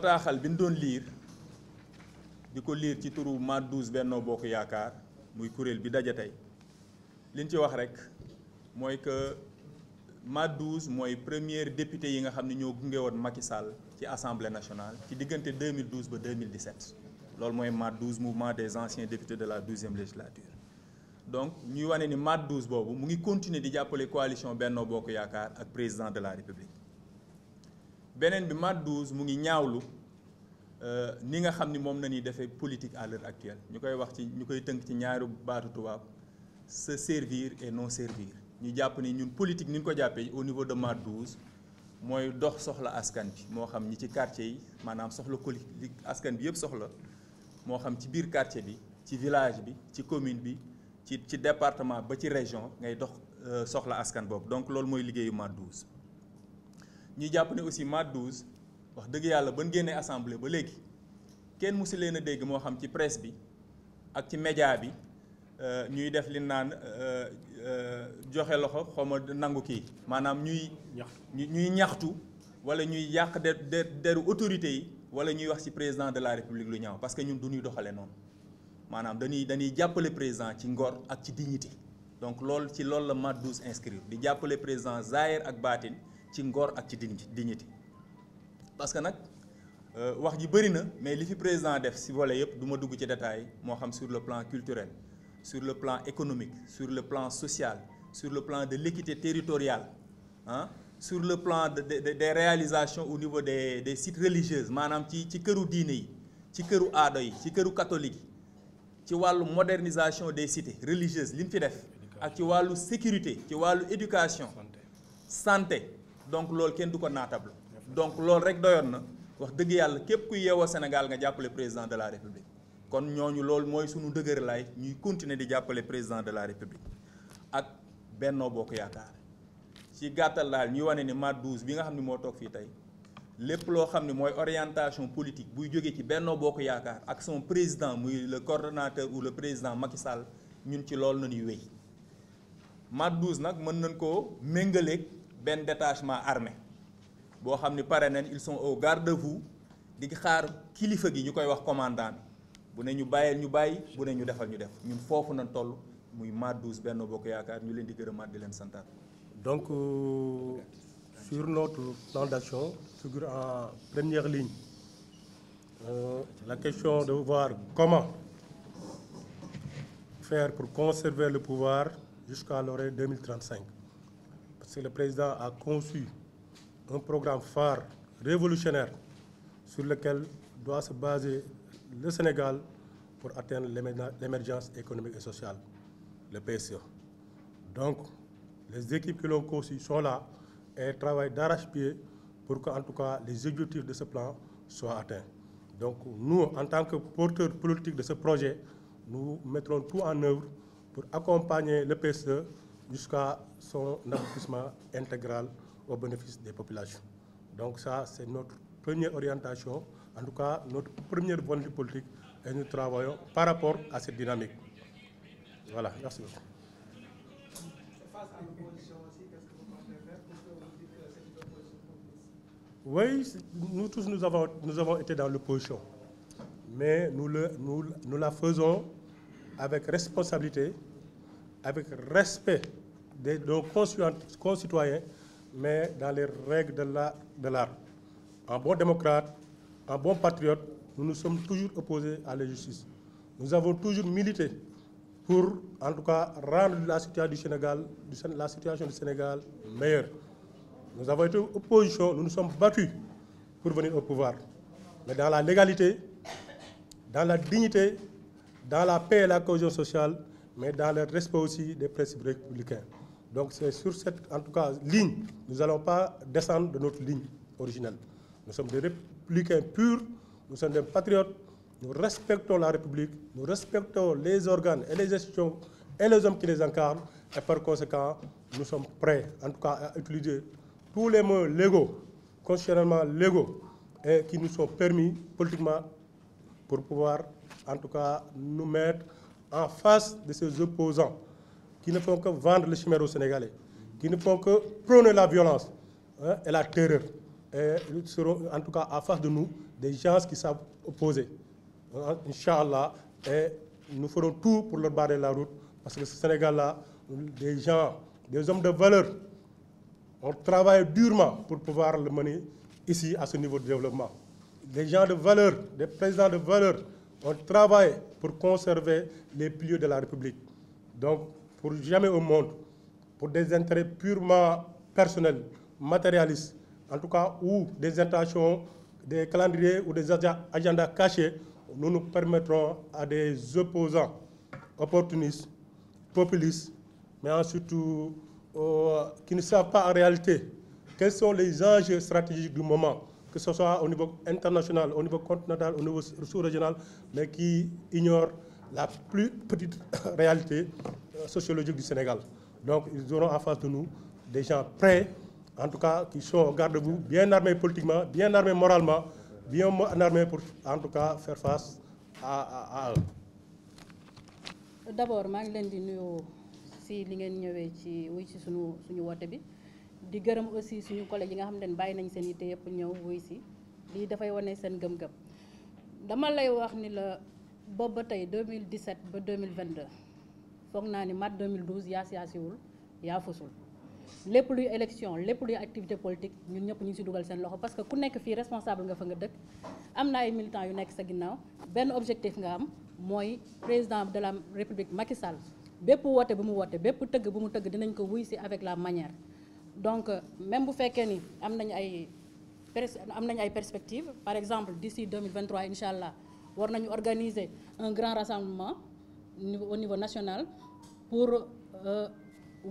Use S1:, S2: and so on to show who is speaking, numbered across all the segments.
S1: bataaxal bi nu doon liir di ko liir ci turu ma 12 Benno Bokk Yaakaar muy kuréel bi daje tey li liñ ci wax rek mooy que ma 12 mooy premier député yi nga xam ne ñoo gunge woon Macky Sall ci assemblée nationale ci diggante 2012 ba 2017 loolu mooy ma 12 mouvement des anciens députés de la 12e législature donc ñuy wane ni ma 12 boobu mu ngi continuer di jàppale coalition Benno Bokk Yaakaar ak président de la République beneen bi MAD 12 mu ngi ñaawlu euh, ni nga xam ni moom la ñuy defee politique à l'heure actuelle ñu koy wax ci ñu koy tënk ci ñaaru baatu tubaab se servir et non servir ñu jàpp ni ñun politique ni ñu ko jàppee au niveau de MAD 12 mooy dox soxla askan bi moo xam ñi ci quartier yi maanaam soxla politique askan bi yëpp soxla moo xam ci biir quartier bi ci village bi ci commune bi ci ci département ba ci région ngay dox euh, soxla askan boobu donc loolu mooy liggéeyu MAD ñu jàpp ne aussi MAD dose wax dëgg yàlla ban génnee assemblée ba léegi kenn musi leen a dégg moo xam ci presse bi ak ci média bi euh, ñuy def li naan euh, euh, joxe loxo xawma nangu kii maanaam ñuy ñuy ñaxtu wala ñuy yàq de de deru autorité yi wala ñuy wax ci président de la république lu ñaaw parce que ñun du ñuy doxale noonu maanaam dañuy dañuy jàppale président ci ngor ak ci dignité donc loolu ci loolu la MAD 12 inscrire di jàppale président Zahir ak baatin ci ngor ak ci dignité parce que nag euh, wax ji bëri na mais li fi président def si volet yëpp duma dugg ci détail moo xam sur le plan culturel sur le plan économique sur le plan social sur le plan de l'équité territoriale ah sur le plan de de réalisation au niveau des des sites religieuses maanaam ci ci këru diine yi ci këru aado yi ci këru catholique yi ci wàllu modernisation des cités religieuses li mu fi def ak ci wàllu sécurité ci wàllu éducation santé donc loolu kenn du ko naatable donc loolu rek doyoon na wax dëgg yàlla képp ku yeewoo Sénégal nga jàppale président de la république kon ñooñu loolu mooy suñu dëgër lay ñuy continuer di jàppale président de la république ak Benno Bokk Yaakaar ci gàttal daal ñuy wane ni MAD 12 bi nga xam ne moo toog fii tey lépp loo xam ne mooy orientation politique buy jóge ci Benno Bokk Yaakaar ak son président muy le coordonnateur ou le président Macky Sall ñun ci loolu nañuy wéy MAD 12 nag mën nañ koo méngaleeg. benn détachement armé boo xam ni pare nañ ils sont au garde-à-vous di xaar kilifa gi ñu koy wax commandant bu ne ñu bàyyeel ñu bàyyi bu ne ñu defal ñu def ñun foofu na toll muy Maddouz Benno Bokk Yaakaar ñu leen di gërëmaat di leen santaat.
S2: donc euh, sur notre plan d'action figure en première ligne euh, la question de voir comment faire pour conserver le pouvoir jusqu'à l'horizon 2035. c'est le président a conçu un programme phare révolutionnaire sur lequel doit se baser le Sénégal pour atteindre l'émergence économique et sociale, le PSE. Donc, les équipes qui l'ont conçu sont là et travaillent d'arrache-pied pour que, en tout cas, les objectifs de ce plan soient atteints. Donc, nous, en tant que porteurs politiques de ce projet, nous mettrons tout en œuvre pour accompagner le PSE jusqu'à son accomplissement intégral au bénéfice des populations. Donc ça, c'est notre première orientation, en tout cas notre première volonté politique, et nous travaillons par rapport à cette dynamique. Voilà, merci beaucoup. Oui, nous Mais nous, nous la faisons avec responsabilité, avec respect de nos concitoyens, mais dans les règles de l'art. La, en bon démocrate, en bon patriote, nous nous sommes toujours opposés à la justice. Nous avons toujours milité pour, en tout cas, rendre la situation du Sénégal, la situation du Sénégal meilleure. Nous avons été opposition, nous nous sommes battus pour venir au pouvoir. Mais dans la légalité, dans la dignité, dans la paix et la cohésion sociale, mais dans le respect aussi des principes républicains. Donc c'est sur cette, en tout cas, ligne, nous n'allons pas descendre de notre ligne originelle. Nous sommes des républicains purs, nous sommes des patriotes, nous respectons la République, nous respectons les organes et les gestions et les hommes qui les incarnent, et par conséquent, nous sommes prêts, en tout cas, à utiliser tous les moyens légaux, constitutionnellement légaux, et qui nous sont permis pour pouvoir, en tout cas, nous mettre en face de ses opposants qui ne font que vendre le chimère aux Sénégalais, qui ne font que prôner la violence hein, et la terreur. Et seront en tout cas en face de nous des gens qui savent opposer. allah et nous ferons tout pour leur barrer la route parce que ce Sénégal-là, des gens, des hommes de valeur, ont travaillé durement pour pouvoir le mener ici à ce niveau de développement. Des gens de valeur, des présidents de valeur, On travaille pour conserver les piliers de la République. Donc, pour jamais au monde, pour des intérêts purement personnels, matérialistes, en tout cas, ou des intentions, des calendriers ou des agendas cachés, nous nous permettrons à des opposants opportunistes, populistes, mais ensuite euh, qui ne savent pas en réalité quels sont les enjeux stratégiques du moment. que ce soit au niveau international, au niveau continental, au niveau sous-régional, mais qui ignorent la plus petite réalité euh, sociologique du Sénégal. Donc ils auront en face de nous des gens prêts, en tout cas qui sont au garde-vous, bien armés politiquement, bien armés moralement, bien armés pour en tout cas faire face à à à eux.
S3: D'abord maa ngi leen di nuyu si li ngeen ñëwee ci wuy ci sunu suñu woote bi. di gërëm aussi suñu collègue yi nga xam ne bàyyi nañ seen yitte yëpp ñëw wuy si lii dafay wane seen gëm-gëm dama lay wax ni la boobu ba tey 2017 ba 2022 foog naa ni mat 2012 yaas yaasiwul yaa fusul lépp luy élection lépp luy activité politique ñun ñëpp ñu ngi si dugal seen loxo parce que ku nekk fii responsable nga fa nga dëkk am na ay militants yu nekk sa ginnaaw benn objectif nga am mooy président de la république Macky Sall bépp woote bu mu woote bépp tëgg bu mu tëgg dinañ ko wuy si avec la manière donc euh, même bu fekkee ni am nañu ay am nañu ay perspectives par exemple d'ici 2023 incha allah war nañu organiser un grand rassemblement au niveau national pour euh,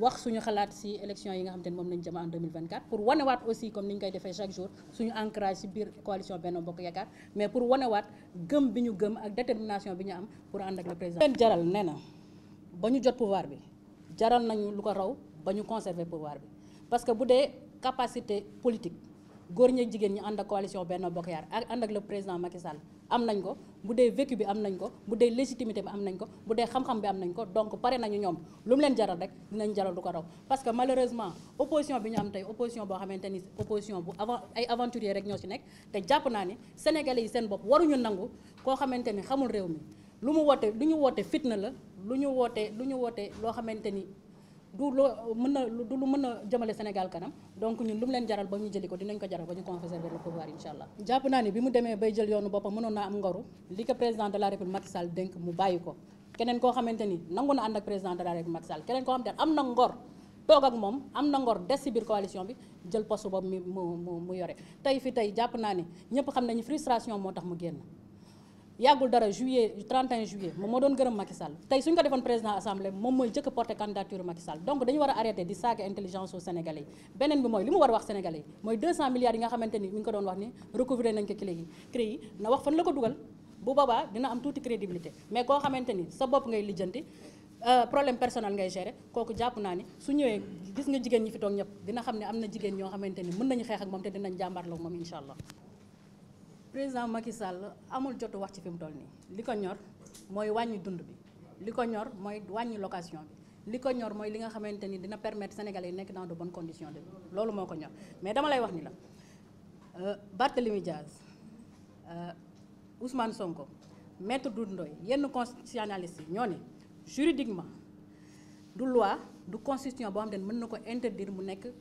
S3: wax suñu xalaat ci élection yi nga xam te ne moom lañu jëm en 2024 pour wanewaat aussi comme ni ñu koy defee chaque jour suñu ancrage ci biir coalition benn Bokk Yaakaar mais pour wane waat gëm bi ñu gëm ak détermination bi ñu am pour ànd ak le président. jaral nee na ba ñu jot pouvoir bi jaral nañu lu ko raw ba ñu conserver pouvoir bi. parce que bu dee capacité politique góor ñi jigéen ñi ànd ak coalition benn Bokk ak ànd ak le président Macky am nañ ko bu dee vécu bi am nañ ko bu dee légitimité bi am nañ ko bu dee xam-xam bi am nañ ko donc pare nañu ñoom lu mu leen jaral rek dinañ jaral du ko raw parce que malheureusement opposition bi ñu am tey opposition boo xamante ni opposition bu avant ay aventurier rek ñoo ci nekk te jàpp naa ni sénégalais yi seen bopp waruñu nangu koo xamante ni xamul réew mi lu mu woote lu ñu woote fitna la lu ñu woote lu ñu woote loo xamante ni du loo mën na du lu mën a jëmale Sénégal kanam donc ñun lu mu leen jaral ba ñu jëli ko dinañ ko jaral ba ñu confesser vers le pouvoir incha bay jël yoonu boppam mënoon naa am ngoru li ko président de la république Macky Sall dénk mu bàyyi ko keneen koo xamante ni nangu na ànd ak président de la république Macky keneen koo xamante ne am na ngor toog ak moom am na ngor des ci biir coalition bi jël poste boobu mu mu mu yore tey fi tey jàpp naa ne ñëpp xam nañu frustration moo tax mu génn yàggul dara juillet 31 juillet moom moo doon gërëm Macky Sall tey suñ ko defoon président assemblée moom mooy jëkk porté candidature Macky Sall donc dañu war a arrêté di saaga intelligence aux sénégalais yi beneen bi mooy li mu war a wax sénégalais yi mooy 200 yi nga xamante ni mi tuuti crédibilité mais koo xamante ni sa bopp ngay lijjanti euh, problème personnel ngay gérer kooku jàpp naa ni su ñëwee gis nga jigéen ñi fi toog ñëpp dina xam ne am na jigéen ñoo xamante ni mën nañu xeex ak moom te dinañ jàmbaarloo moom incha allah président Macky Sall amul jotu wax ci fi mu toll nii li ko ñor mooy wàññi dund bi li ko ñor mooy wàññi location bi. li ko ñor mooy li nga xamante ni dina permettre sénégalais yi nekk dans de bon conditions de loolu moo ko ñor mais dama lay wax ni la euh, Barthélemy Diaz euh, Ousmane Sonko maître Doudou Ndoye yenn constitutionnalistes yi ñoo ni juridiquement du loi du constitution boo xam ne mën na ko interdire mu nekk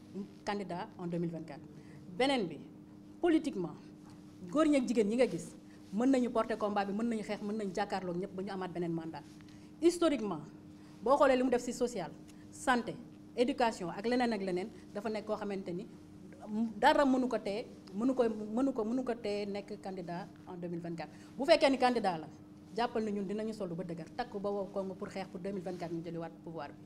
S3: candidat en 2024 beneen bi politiquement góor ñeek jigéen ñi nga gis mën nañu porter combat bi mën nañu xeex mën nañu jàkkaarloog ñëpp ba ñu amaat beneen mandat historiquement boo xoolee li mu def ci social santé éducation ak leneen ak leneen dafa nekk koo xamante ni dara mënu ko tee mënu ko mënu ko mënu ko tee nekk candidat en mille 2024 bu fekkee ni candidat la jàppal nañu dinañu sollu ba dëgër takk ba wow kongo pour xeex pour 2024 ñu jëliwaat pouvoir bi